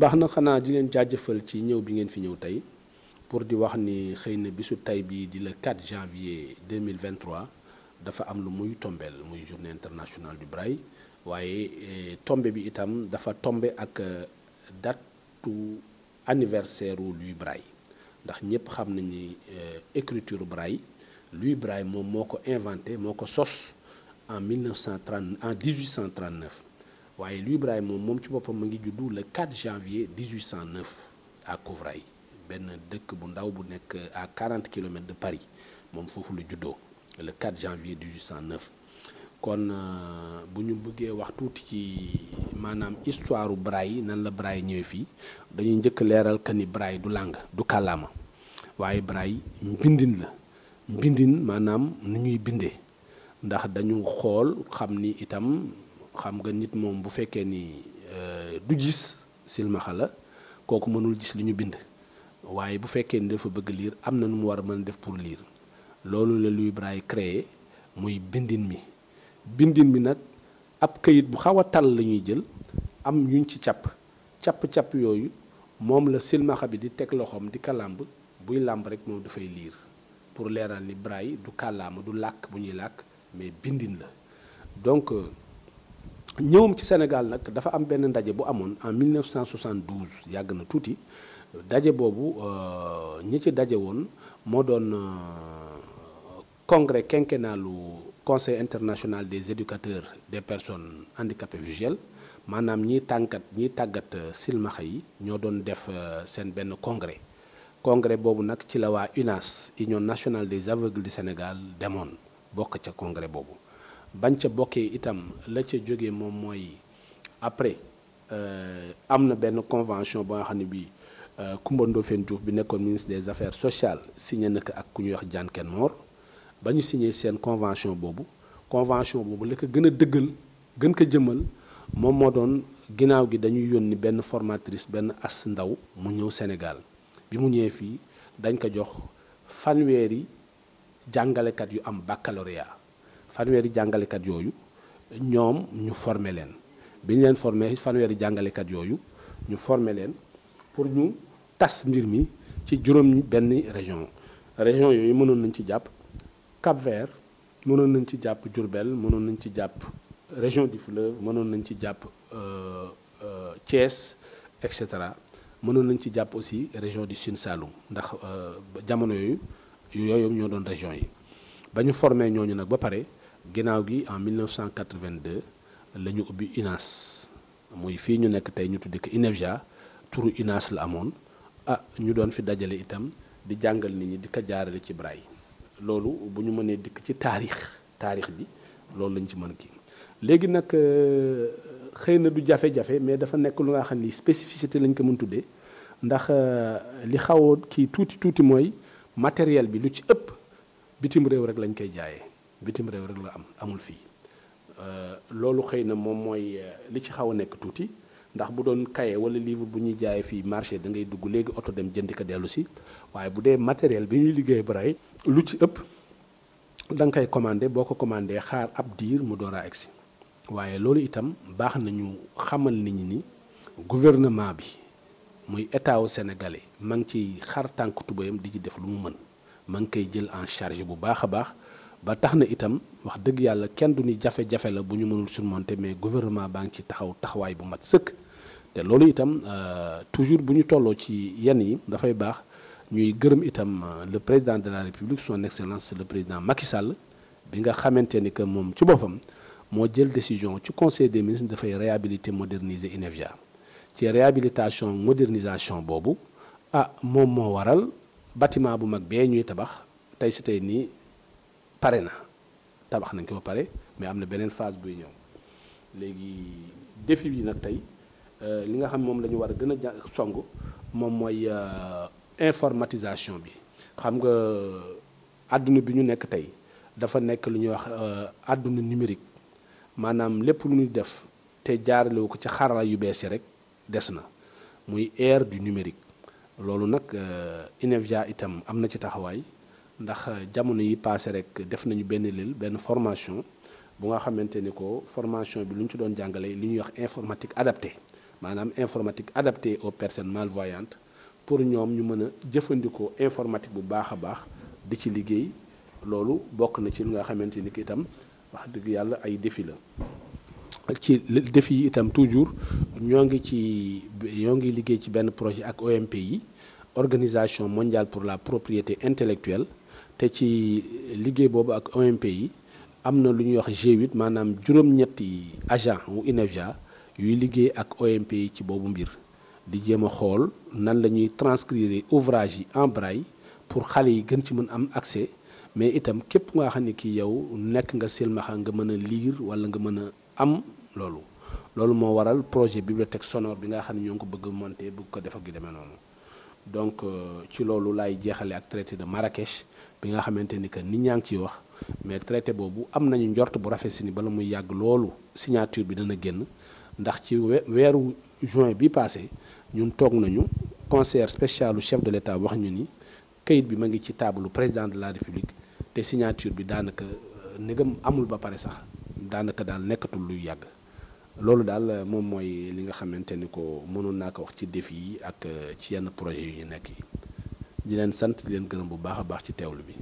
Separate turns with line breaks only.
baax xana di len jaajëfal ci ñew bi ngeen fi ñew tay pour di wax ni xeyna bisu tay bi di le 4 janvier 2023 dafa am lu muy tombeel muy journée internationale du braille waaye eh, tomber bi itam dafa tomber ak eh, datu anniversaire u Braille ndax ñepp xam nañ ni eh, écriture braille lui Braille mom moko inventé moko sos en 1930 en 1839 waaye Louis mon moom moom ci boppam mu ngi le 4 janvier 1809 à Couvray Ben dëkk bu ndaw bu nekk à 40 km de Paris moom foofu la juddoo le 4 janvier 1809 kon euh, bu ñu bëggee wax tuuti ci maanaam histoire Braille nan la Braille ñëwee fii dañuy njëkk leeral que du lang du kàllaama waaye Braille mbindin la mbindin manam nu ñuy bindee ndax dañu xool xam itam. xam nga nit moom bu fekkee ni euh, du gis silmaxa la kooku mënul gis lu ñu bind waaye bu fekkee ni dafa bëgg liir am na nu mu war a mën def pour liir loolu la Louis Braille créé muy bindin mi bindin mi nag ab kayit bu xaw a tal la jël am yuñ ci capp capp capp yooyu moom la silmaxa bi di teg loxoom di ka buy làmb rek moom dafay liir pour leeral ni Braille du kàllaama du làkk bu ñuy làkk mais bindin la donc euh, ñëwam ci Sénégal nag dafa am benn ndaje bu amoon en 1972 yàgg na tuuti daje boobu euh, ñi ci daje woon moo doon euh, congrès quinquennalu conseil international des éducateurs des personnes handicapées visuelles maanaam ñiy tànkat ñi tàggat euh, silmaxa yi ñoo doon def seen benn congrès congrès boobu nag ci la waa UNAS Union nationale des aveugles du Sénégal demoon bokk ca congrès boobu bañ ca bokkee itam la ca jóge moom mooy après euh, am na benn convention ba nga xam ne bii euh, Coumba Ndoffène Diouf bi nekkoon ministre des affaires sociales signé na ko ak ku ñuy wax Dian moor ba ñu signé seen convention boobu convention boobu la ko gën a dëggal gën ko jëmal moom moo doon ginnaaw gi dañuy yónni benn formatrice benn as ndaw mu ñëw Sénégal bi mu ñëwee fii dañ ko jox fanweeri jàngalekat yu am baccalauréat fanweri jangale kat yoyu ñom ñu former len biñ len formé fanweri jangale kat yoyu ñu former len pour ñu tas mbir mi ci juróom benn région région yoyu mënon nañ ci japp Cap-Vert mënon nañ ci japp Diourbel mënon nañ ci japp région du fleuve mënon nañ ci japp euh, euh Thiès et cetera mënoon nañ ci japp aussi région du Sine Saloum ndax euh, jamono yoyu yooyu ñoo doon région yi bañu formé ñoñu nak ba paré ginnaaw gi en 1982 la ñu ubbi INAS mooy fii ñu nekk tey ñu tudde ko INEFJA turu INAS la amoon ah ñu doon fi dajale itam di jàngal nit ñi di ko jaarale ci Braille loolu bu ñu mënee dikk ci taarix taarix bi loolu lañ ci mën kii léegi nag euh, xëy na du jafe-jafe mais dafa nekk lu nga xam ni spécificité lañ ko mën tuddee ndax euh, li xawoo kii tuuti tuuti mooy matériel bi lu ci ëpp bitim réew rek lañ koy jaayee. bitim réew rek la am amul fii euh, loolu xëy na moom mooy euh, li ci xaw a nekk tuuti ndax bu doon kaye wala livre bu ñuy jaayee fii marché da ngay dugg léegi oto dem jëndi ko dellu si waaye bu dee matériel bi ñuy liggéey baray lu ci ëpp da nga koy commandé boo ko commandé xaar ab diir mu door a egsi waaye loolu itam baax nañu xamal nit ñi ni gouvernement bi muy état wu sénégalais ma ngi ciy xar tànk tubayam di ci def lu mu mën ma ngi koy jël en charge bu baax a baax ba taxna itam wax deug yalla kenn du ni jafé jafé la buñu mënul surmonter mais gouvernement baa ngi ci taxaw taxway bu mat sëkk té lolu itam euh, toujours buñu ñu ci yenn yi fay bax ñuy gëreum itam euh, le président de la république son excellence le président Macky Sall bi nga xamante ni que mom ci bopam mo jël décision ci conseil des ministres da fay réhabiliter moderniser inevia ci réhabilitation modernisation bobu ah mom mo waral bâtiment bu mag bé ñuy tabax tay pare na tabax nañ ko ba pare mais am na beneen phase buy ñëw léegi défi yi nag tey euh, li nga xam moom la ñu war a gën a ja song moom mooy euh, informatisation bi xam nga àdduna euh, bi ñu nekk tey dafa nekk lu ñuy wax àdduna numérique maanaam lépp lu ñuy def te jaarale ko ci xarala yu bees yi rek des na muy ère du numérique loolu nag INEFJA itam am na ci taxawaay ndax euh, jamono yi passé rek def nañu benn lël benn formation bu nga xamante ni ko formation bi luñ ci doon jàngale li wax informatique adaptée maanaam informatique adaptée aux personnes malvoyantes pour ñoom ñu mën a jëfandikoo informatique bu baax a baax di ci liggéey loolu bokk na ci li nga xamante ni itam wax dëgg yàlla ay défi la ci défi yi itam toujours ñoo ngi ci ñoo ngi liggéey ci benn projet ak OMP organisation mondiale pour la propriété intellectuelle te ci liggéey boobu ak OMP yi am na lu ñuy wax g maanaam juróom-ñetti agent wu INEFJA yuy liggéey ak OMP yi ci boobu mbir di jéem a xool nan la ñuy transcrire ouvrage yi en braille pour xale yi gën ci mën am accès mais itam képp nga xam ne kii yow nekk nga silmaxa nga mën a lire wala nga mën a am loolu loolu moo waral projet bibliothèque sonore bi nga xam ne ñoo ko bëgg monter bugg ko def ak yu demee noonu donc euh, ci loolu laay jeexale ak traité de Marrakech bi nga xamante ni que nit ñaa ngi ciy wax mais traité boobu am nañu njort bu rafet si ni bala muy yàgg loolu signature bi dana génn ndax ci weeru juin bi passé ñun toog nañu conseil spécial chef de l'état wax ñu ni kayit bi ma ngi ci taabalu président de la république te signature bi daanaka euh, ndegam amul ba pare sax daanaka daal nekkatul luy yàgg loolu daal moom mooy li nga xamante ni ko mënul naa ko wax ci défi yi ak euh, ci yenn projet yi nekk yi di leen sant di leen gërëm bu baax a baax ci teewlu bi.